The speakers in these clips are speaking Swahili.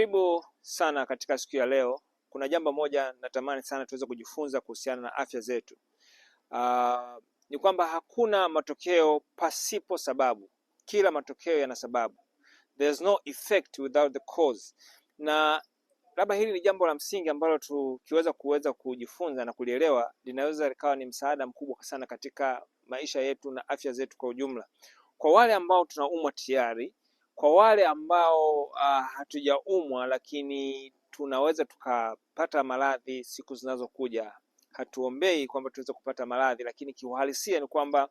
Karibu sana katika siku ya leo. Kuna jambo moja natamani sana tuweze kujifunza kuhusiana na afya zetu. Uh, ni kwamba hakuna matokeo pasipo sababu. Kila matokeo yana sababu. no effect without the cause. Na labda hili ni jambo la msingi ambalo tukiweza kuweza kujifunza na kulielewa linaweza likawa ni msaada mkubwa sana katika maisha yetu na afya zetu kwa ujumla. Kwa wale ambao tunaumwa tayari kwa wale ambao uh, hatujaumwa lakini tunaweza tukapata maradhi siku zinazokuja. Hatuombei kwamba tuweze kupata maradhi, lakini kiuhalisia ni kwamba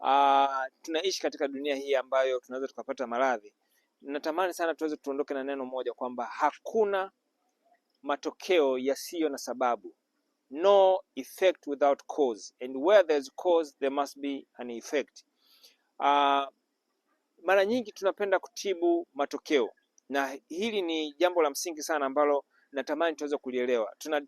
uh, tunaishi katika dunia hii ambayo tunaweza tukapata maradhi. Natamani sana tuweze tuondoke na neno moja kwamba hakuna matokeo yasiyo na sababu, no effect without cause and where there's cause there must be an effect. Uh, mara nyingi tunapenda kutibu matokeo, na hili ni jambo la msingi sana ambalo natamani tuweze kulielewa. Tuna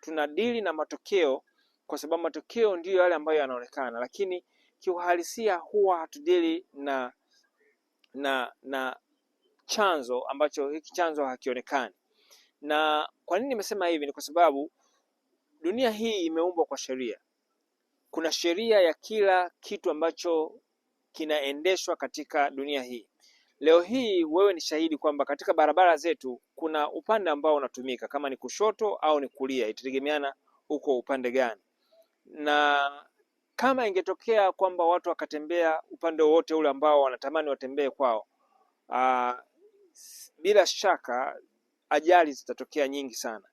tunadili na matokeo kwa sababu matokeo ndiyo yale ambayo yanaonekana, lakini kiuhalisia huwa hatudili na na na chanzo ambacho hiki chanzo hakionekani. Na kwa nini nimesema hivi? Ni kwa sababu dunia hii imeumbwa kwa sheria. Kuna sheria ya kila kitu ambacho kinaendeshwa katika dunia hii. Leo hii wewe ni shahidi kwamba katika barabara zetu kuna upande ambao unatumika, kama ni kushoto au ni kulia, itategemeana uko upande gani. Na kama ingetokea kwamba watu wakatembea upande wowote ule ambao wanatamani watembee kwao, aa, ah, bila shaka ajali zitatokea nyingi sana.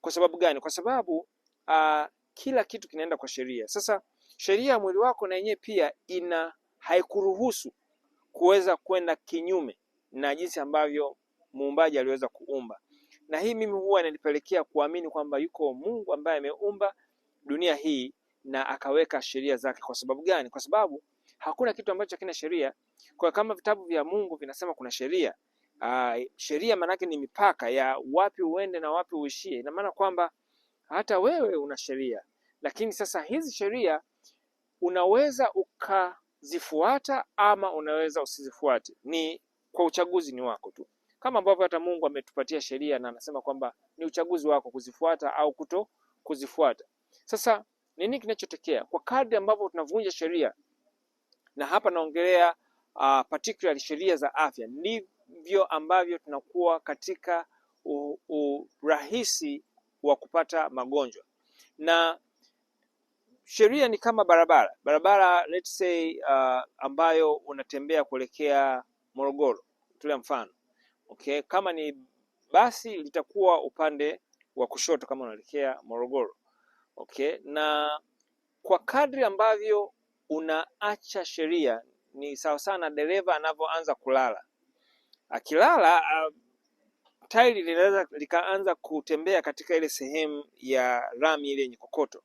Kwa sababu gani? Kwa sababu aa, ah, kila kitu kinaenda kwa sheria. Sasa sheria ya mwili wako na yenyewe pia ina haikuruhusu kuweza kwenda kinyume na jinsi ambavyo muumbaji aliweza kuumba, na hii mimi huwa inanipelekea kuamini kwamba yuko Mungu ambaye ameumba dunia hii na akaweka sheria zake. Kwa sababu gani? Kwa sababu hakuna kitu ambacho hakina sheria. Kwa kama vitabu vya Mungu vinasema kuna sheria Uh, sheria maanake ni mipaka ya wapi uende na wapi uishie. Ina maana kwamba hata wewe una sheria, lakini sasa hizi sheria unaweza uka zifuata ama unaweza usizifuate, ni kwa uchaguzi ni wako tu, kama ambavyo hata Mungu ametupatia sheria na anasema kwamba ni uchaguzi wako kuzifuata au kuto kuzifuata. Sasa nini kinachotokea kwa kadri ambavyo tunavunja sheria, na hapa naongelea uh, ah, particular sheria za afya, ndivyo ambavyo tunakuwa katika urahisi wa kupata magonjwa na sheria ni kama barabara barabara let's say uh, ambayo unatembea kuelekea Morogoro, tule mfano okay. Kama ni basi litakuwa upande wa kushoto kama unaelekea Morogoro okay. Na kwa kadri ambavyo unaacha sheria ni sawa sana dereva anavyoanza kulala. Akilala uh, tairi linaweza likaanza kutembea katika ile sehemu ya rami ile yenye kokoto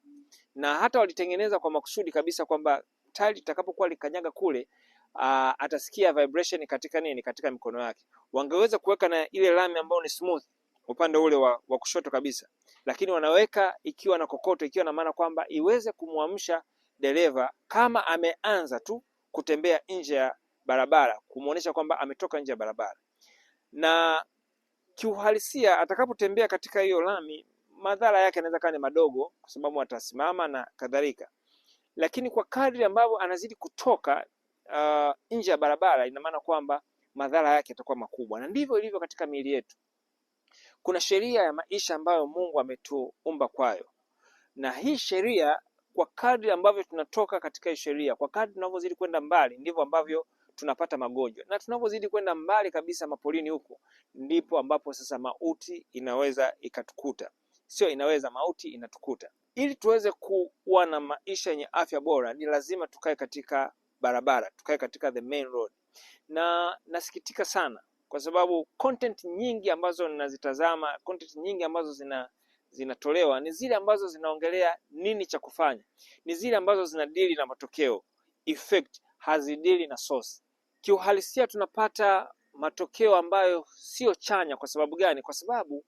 na hata walitengeneza kwa makusudi kabisa kwamba tairi litakapokuwa likanyaga kule Uh, atasikia vibration katika nini, katika mikono yake. Wangeweza kuweka na ile lami ambayo ni smooth upande ule wa, wa kushoto kabisa, lakini wanaweka ikiwa na kokoto, ikiwa na maana kwamba iweze kumwamsha dereva kama ameanza tu kutembea nje ya barabara, kumuonesha kwamba ametoka nje ya barabara. Na kiuhalisia atakapotembea katika hiyo lami, madhara yake yanaweza kaa ni madogo, kwa sababu atasimama na kadhalika, lakini kwa kadri ambavyo anazidi kutoka uh, nje ya barabara, ina maana kwamba madhara yake yatakuwa makubwa, na ndivyo ilivyo katika miili yetu. Kuna sheria ya maisha ambayo Mungu ametuumba kwayo, na hii sheria, kwa kadri ambavyo tunatoka katika hii sheria, kwa kadri tunavyozidi kwenda mbali, ndivyo ambavyo tunapata magonjwa, na tunavyozidi kwenda mbali kabisa mapolini huko, ndipo ambapo sasa mauti inaweza ikatukuta sio inaweza, mauti inatukuta. Ili tuweze kuwa na maisha yenye afya bora, ni lazima tukae katika barabara, tukae katika the main road. Na nasikitika sana kwa sababu content nyingi ambazo ninazitazama, content nyingi ambazo zina zinatolewa ni zile ambazo zinaongelea nini cha kufanya, ni zile ambazo zinadili na matokeo, effect hazidili na source. Kiuhalisia tunapata matokeo ambayo sio chanya. Kwa sababu gani? Kwa sababu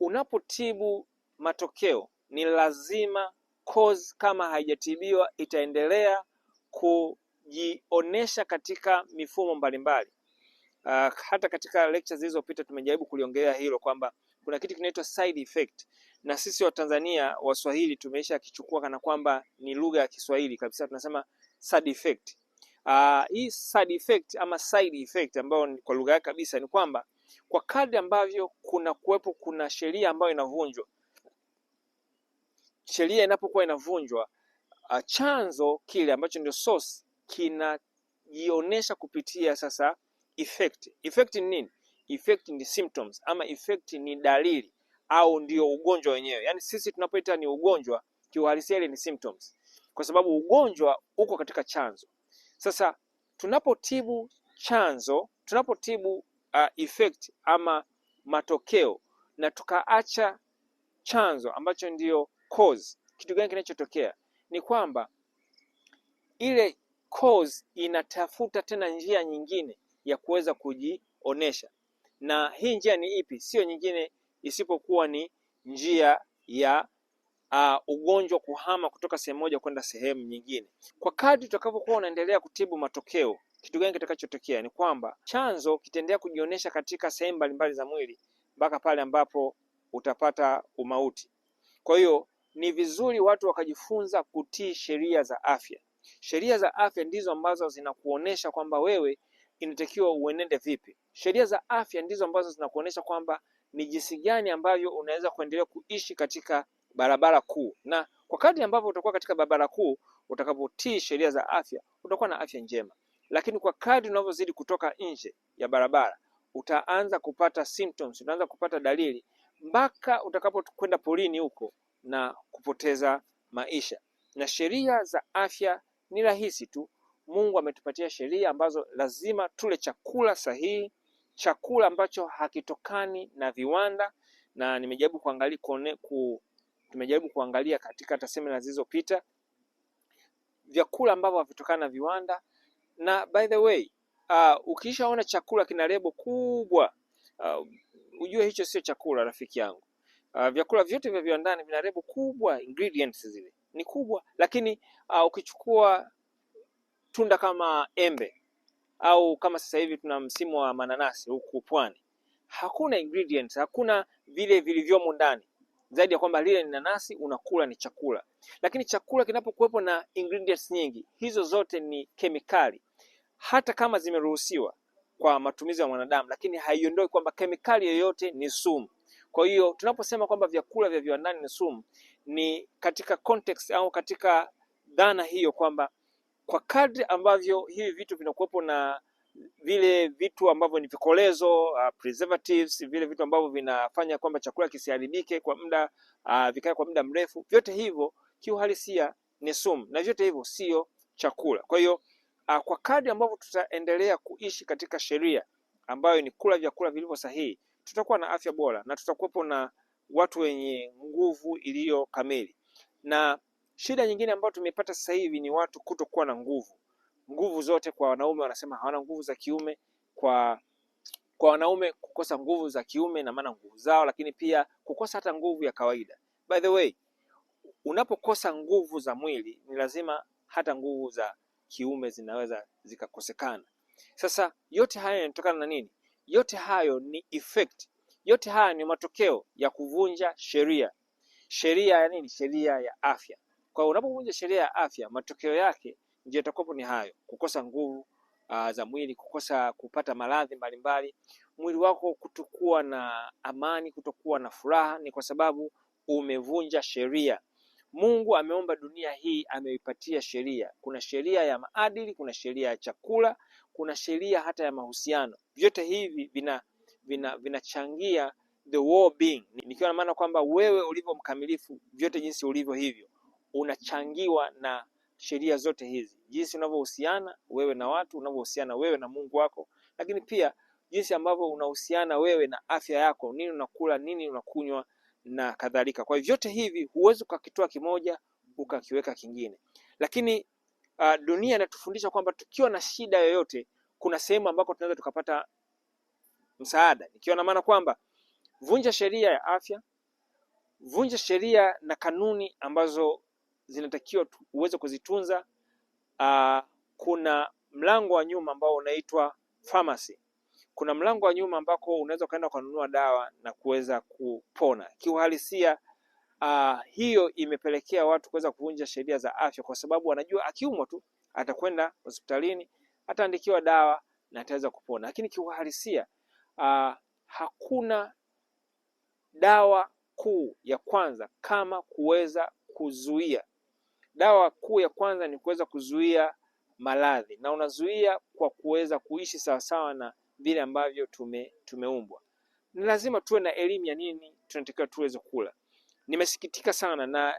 unapotibu matokeo ni lazima cause kama haijatibiwa itaendelea kujionesha katika mifumo mbalimbali. Uh, hata katika lecture zilizopita tumejaribu kuliongelea hilo kwamba kuna kitu kinaitwa side effect, na sisi Watanzania Waswahili tumeisha kichukua kana kwamba ni lugha ya Kiswahili kabisa, tunasema side effect. Uh, hii side effect ama side effect ambayo kwa lugha yake kabisa ni kwamba kwa kadri ambavyo kuna kuwepo kuna sheria ambayo inavunjwa, sheria inapokuwa inavunjwa, ah, chanzo kile ambacho ndio source kinajionyesha kupitia sasa effect. Effect ni nini? Effect ni symptoms ama effect ni dalili au ndio ugonjwa wenyewe. Yaani sisi tunapoita ni ugonjwa, kiuhalisia ile ni symptoms, kwa sababu ugonjwa uko katika chanzo. Sasa tunapotibu chanzo, tunapotibu uh, effect ama matokeo na tukaacha chanzo ambacho ndiyo cause. Kitu gani kinachotokea ni kwamba ile cause inatafuta tena njia nyingine ya kuweza kujionesha, na hii njia ni ipi? Sio nyingine isipokuwa ni njia ya uh, ugonjwa kuhama kutoka sehemu moja kwenda sehemu nyingine. Kwa kadri utakavyokuwa unaendelea kutibu matokeo kitu gani kitakachotokea? Ni kwamba chanzo kitaendelea kujionyesha katika sehemu mbalimbali za mwili mpaka pale ambapo utapata umauti. Kwa hiyo ni vizuri watu wakajifunza kutii sheria za afya. Sheria za afya ndizo ambazo zinakuonesha kwamba wewe inatakiwa uenende vipi. Sheria za afya ndizo ambazo zinakuonesha kwamba ni jinsi gani ambavyo unaweza kuendelea kuishi katika barabara kuu, na kwa kadri ambavyo utakuwa katika barabara kuu, utakapotii sheria za afya, utakuwa na afya njema lakini kwa kadri unavyozidi kutoka nje ya barabara utaanza kupata symptoms, utaanza kupata dalili mpaka utakapokwenda polini huko na kupoteza maisha. Na sheria za afya ni rahisi tu. Mungu ametupatia sheria ambazo lazima tule chakula sahihi, chakula ambacho hakitokani na viwanda, na nimejaribu kuangalia kuone, ku, tumejaribu kuangalia katika hata semina zilizopita, vyakula ambavyo havitokani na viwanda, na by the way uh, ukishaona chakula kina lebo kubwa uh, ujue hicho sio chakula rafiki yangu. Uh, vyakula vyote vya viwandani vina lebo kubwa, ingredients zile ni kubwa, lakini uh, ukichukua tunda kama embe au kama sasa hivi tuna msimu wa mananasi huku pwani, hakuna ingredients, hakuna vile vilivyomo ndani zaidi ya kwamba lile ni nanasi, unakula ni chakula. Lakini chakula kinapokuwepo na ingredients nyingi, hizo zote ni kemikali hata kama zimeruhusiwa kwa matumizi ya mwanadamu, lakini haiondoi kwamba kemikali yoyote ni sumu. Kwa hiyo tunaposema kwamba vyakula vya viwandani ni sumu, ni katika context au katika dhana hiyo kwamba kwa kadri ambavyo hivi vitu vinakuwepo na vile vitu ambavyo ni vikolezo uh, preservatives, vile vitu ambavyo vinafanya kwamba chakula kisiharibike kwa muda uh, vikae kwa muda mrefu, vyote hivyo kiuhalisia ni sumu na vyote hivyo sio chakula. Kwa hiyo Ah, kwa kadri ambavyo tutaendelea kuishi katika sheria ambayo ni kula vyakula vilivyo sahihi, tutakuwa na afya bora na tutakuwepo na watu wenye nguvu iliyo kamili. Na shida nyingine ambayo tumepata sasa hivi ni watu kutokuwa na nguvu, nguvu zote. Kwa wanaume wanasema hawana nguvu za kiume, kwa kwa wanaume kukosa nguvu za kiume na maana nguvu zao, lakini pia kukosa hata nguvu ya kawaida. By the way, unapokosa nguvu za mwili ni lazima hata nguvu za kiume zinaweza zikakosekana. Sasa yote haya yanatokana na nini? Yote hayo ni effect, yote haya ni matokeo ya kuvunja sheria. Sheria ya nini? Sheria ya afya. Kwa hiyo unapovunja sheria ya afya, matokeo yake ndio yatakuwapo ni hayo, kukosa nguvu uh, za mwili, kukosa kupata maradhi mbalimbali, mwili wako kutokuwa na amani, kutokuwa na furaha, ni kwa sababu umevunja sheria. Mungu ameumba dunia hii, ameipatia sheria. Kuna sheria ya maadili, kuna sheria ya chakula, kuna sheria hata ya mahusiano. Vyote hivi vina vinachangia vina the well being, nikiwa na maana kwamba wewe ulivyo mkamilifu, vyote jinsi ulivyo hivyo unachangiwa na sheria zote hizi, jinsi unavyohusiana wewe na watu, unavyohusiana wewe na Mungu wako, lakini pia jinsi ambavyo unahusiana wewe na afya yako, nini unakula, nini unakunywa na kadhalika. Kwa hiyo vyote hivi huwezi ukakitoa kimoja ukakiweka kingine, lakini uh, dunia inatufundisha kwamba tukiwa na shida yoyote kuna sehemu ambako tunaweza tukapata msaada, ikiwa na maana kwamba vunja sheria ya afya, vunja sheria na kanuni ambazo zinatakiwa uweze kuzitunza. Uh, kuna mlango wa nyuma ambao unaitwa pharmacy kuna mlango wa nyuma ambako unaweza ukaenda ukanunua dawa na kuweza kupona kiuhalisia. Uh, hiyo imepelekea watu kuweza kuvunja sheria za afya, kwa sababu wanajua akiumwa tu atakwenda hospitalini ataandikiwa dawa na ataweza kupona, lakini kiuhalisia uh, hakuna dawa kuu ya kwanza kama kuweza kuzuia. Dawa kuu ya kwanza ni kuweza kuzuia maradhi, na unazuia kwa kuweza kuishi sawasawa na vile ambavyo tume tumeumbwa. Ni lazima tuwe na elimu ya nini tunatakiwa tuweze kula. Nimesikitika sana na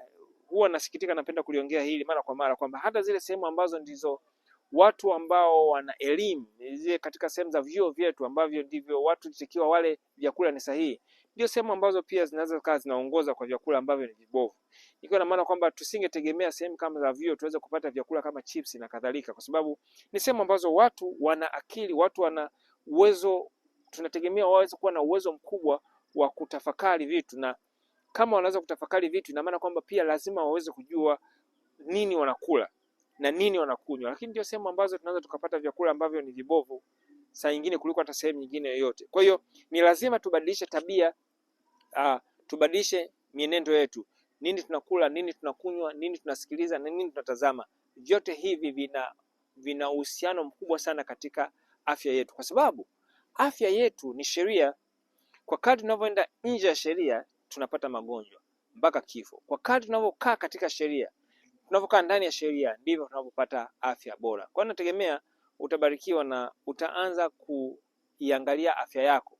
huwa nasikitika, napenda kuliongea hili mara kwa mara kwamba hata zile sehemu ambazo ndizo watu ambao wana elimu zile katika sehemu za vyuo vyetu ambavyo ndivyo watu takiwa wale vyakula ni sahihi, ndio sehemu ambazo pia zinaweza kaa zinaongoza kwa vyakula ambavyo ni vibovu, ikiwa na maana kwamba tusingetegemea sehemu kama za vyuo tuweze kupata vyakula kama chips na kadhalika, kwa sababu ni sehemu ambazo watu wana akili, watu wana uwezo, tunategemea waweze kuwa na uwezo mkubwa wa kutafakari vitu, na kama wanaweza kutafakari vitu, ina maana kwamba pia lazima waweze kujua nini wanakula na nini wanakunywa. Lakini ndio sehemu ambazo tunaweza tukapata vyakula ambavyo ni vibovu saa nyingine kuliko hata sehemu nyingine yoyote. Kwa hiyo ni lazima tubadilishe tabia uh, tubadilishe mienendo yetu, nini tunakula, nini tunakunywa, nini tunasikiliza na nini tunatazama. Vyote hivi vina vina uhusiano mkubwa sana katika afya yetu, kwa sababu afya yetu ni sheria. Kwa kadri tunavyoenda nje ya sheria, tunapata magonjwa mpaka kifo. Kwa kadri tunavyokaa katika sheria, tunavyokaa ndani ya sheria, ndivyo tunavyopata afya bora. Kwa hiyo nategemea utabarikiwa na utaanza kuiangalia afya yako.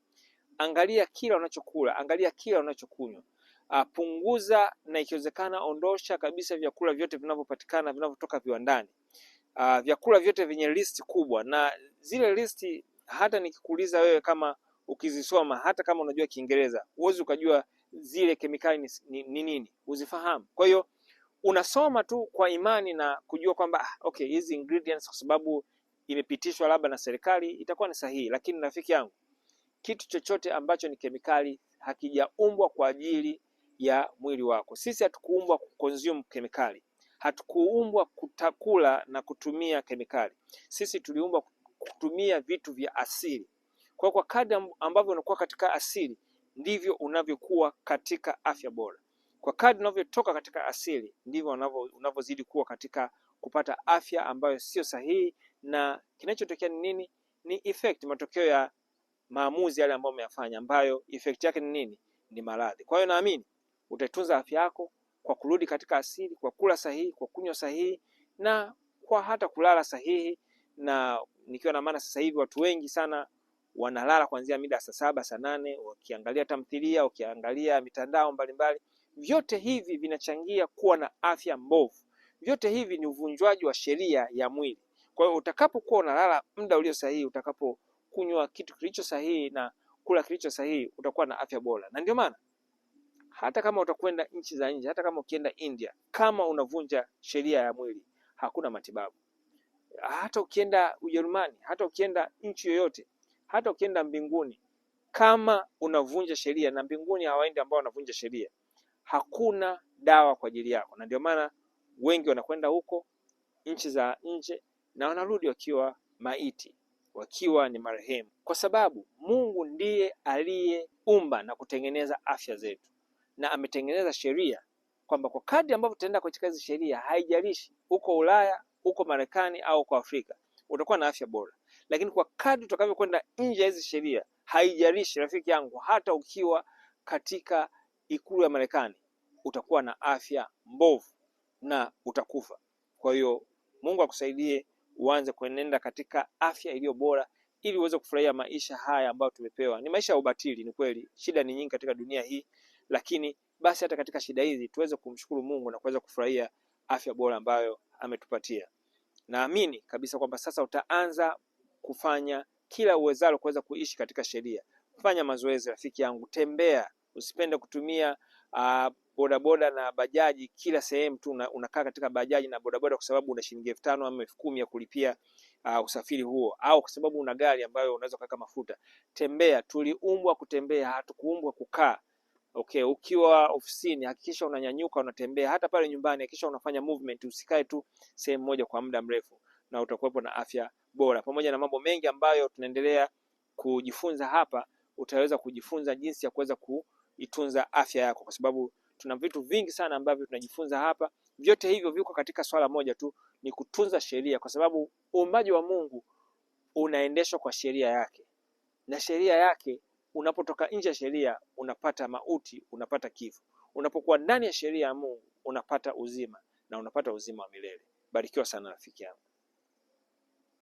Angalia kila unachokula, angalia kila unachokunywa. Ah, punguza na ikiwezekana ondosha kabisa vyakula vyote vinavyopatikana vinavyotoka viwandani. Uh, vyakula vyote vyenye list kubwa na zile listi, hata nikikuuliza wewe kama ukizisoma, hata kama unajua Kiingereza, huwezi ukajua zile kemikali ni nini, huzifahamu. Kwa hiyo unasoma tu kwa imani na kujua kwamba ah, okay hizi ingredients kwa sababu imepitishwa labda na serikali itakuwa ni sahihi. Lakini rafiki yangu, kitu chochote ambacho ni kemikali hakijaumbwa kwa ajili ya mwili wako. Sisi hatukuumbwa kukonsume kemikali, hatukuumbwa kutakula na kutumia kemikali. Sisi tuliumbwa kutumia vitu vya asili. Kwa kwa kadri ambavyo unakuwa katika asili ndivyo unavyokuwa katika afya bora. Kwa kadri unavyotoka katika asili ndivyo unavyozidi kuwa katika kupata afya ambayo sio sahihi, na kinachotokea ni nini? Ni effect, matokeo ya maamuzi yale ambayo umeyafanya, ambayo effect yake ni nini? Ni maradhi. Kwa hiyo naamini utaitunza afya yako kwa kurudi katika asili, kwa kula sahihi, kwa kunywa sahihi na kwa hata kulala sahihi na nikiwa na maana sasa hivi watu wengi sana wanalala kuanzia mida saa saba saa nane wakiangalia tamthilia, wakiangalia mitandao mbalimbali. Vyote hivi vinachangia kuwa na afya mbovu. Vyote hivi ni uvunjwaji wa sheria ya mwili. Kwa hiyo utakapokuwa unalala muda ulio sahihi, utakapokunywa kitu kilicho sahihi na kula kilicho sahihi, utakuwa na afya bora. Na ndio maana hata kama utakwenda nchi za nje, hata kama ukienda India, kama unavunja sheria ya mwili, hakuna matibabu hata ukienda Ujerumani, hata ukienda nchi yoyote, hata ukienda mbinguni, kama unavunja sheria, na mbinguni hawaendi ambao wanavunja sheria, hakuna dawa kwa ajili yako. Na ndio maana wengi wanakwenda huko nchi za nje na wanarudi wakiwa maiti, wakiwa ni marehemu, kwa sababu Mungu ndiye aliyeumba na kutengeneza afya zetu, na ametengeneza sheria kwamba kwa kadri ambavyo tutaenda katika hizi sheria, haijalishi uko Ulaya huko Marekani au kwa Afrika, utakuwa na afya bora. Lakini kwa kadri tutakavyokwenda nje ya hizi sheria, haijarishi rafiki yangu, hata ukiwa katika ikulu ya Marekani utakuwa na afya mbovu na utakufa. Kwa hiyo Mungu akusaidie uanze kuenenda katika afya iliyo bora ili uweze kufurahia maisha haya ambayo tumepewa. Ni maisha ya ubatili, ni kweli, shida ni nyingi katika dunia hii, lakini basi hata katika shida hizi tuweze kumshukuru Mungu na kuweza kufurahia afya bora ambayo ametupatia. Naamini kabisa kwamba sasa utaanza kufanya kila uwezalo kuweza kuishi katika sheria. Fanya mazoezi rafiki yangu, tembea, usipende kutumia uh, bodaboda na bajaji kila sehemu tu una, unakaa katika bajaji na bodaboda kwa sababu una shilingi elfu tano ama elfu kumi ya kulipia uh, usafiri huo, au kwa sababu una gari ambayo unaweza kuweka mafuta. Tembea, tuliumbwa kutembea, hatukuumbwa kukaa. Okay, ukiwa ofisini hakikisha unanyanyuka, unatembea. Hata pale nyumbani hakikisha unafanya movement, usikae tu sehemu moja kwa muda mrefu, na utakuwepo na afya bora. Pamoja na mambo mengi ambayo tunaendelea kujifunza hapa, utaweza kujifunza jinsi ya kuweza kuitunza afya yako, kwa sababu tuna vitu vingi sana ambavyo tunajifunza hapa. Vyote hivyo viko katika swala moja tu, ni kutunza sheria, kwa sababu uumbaji wa Mungu unaendeshwa kwa sheria yake, na sheria yake Unapotoka nje ya sheria unapata mauti, unapata kifo. Unapokuwa ndani ya sheria ya Mungu unapata uzima na unapata uzima wa milele. Barikiwa sana rafiki yangu.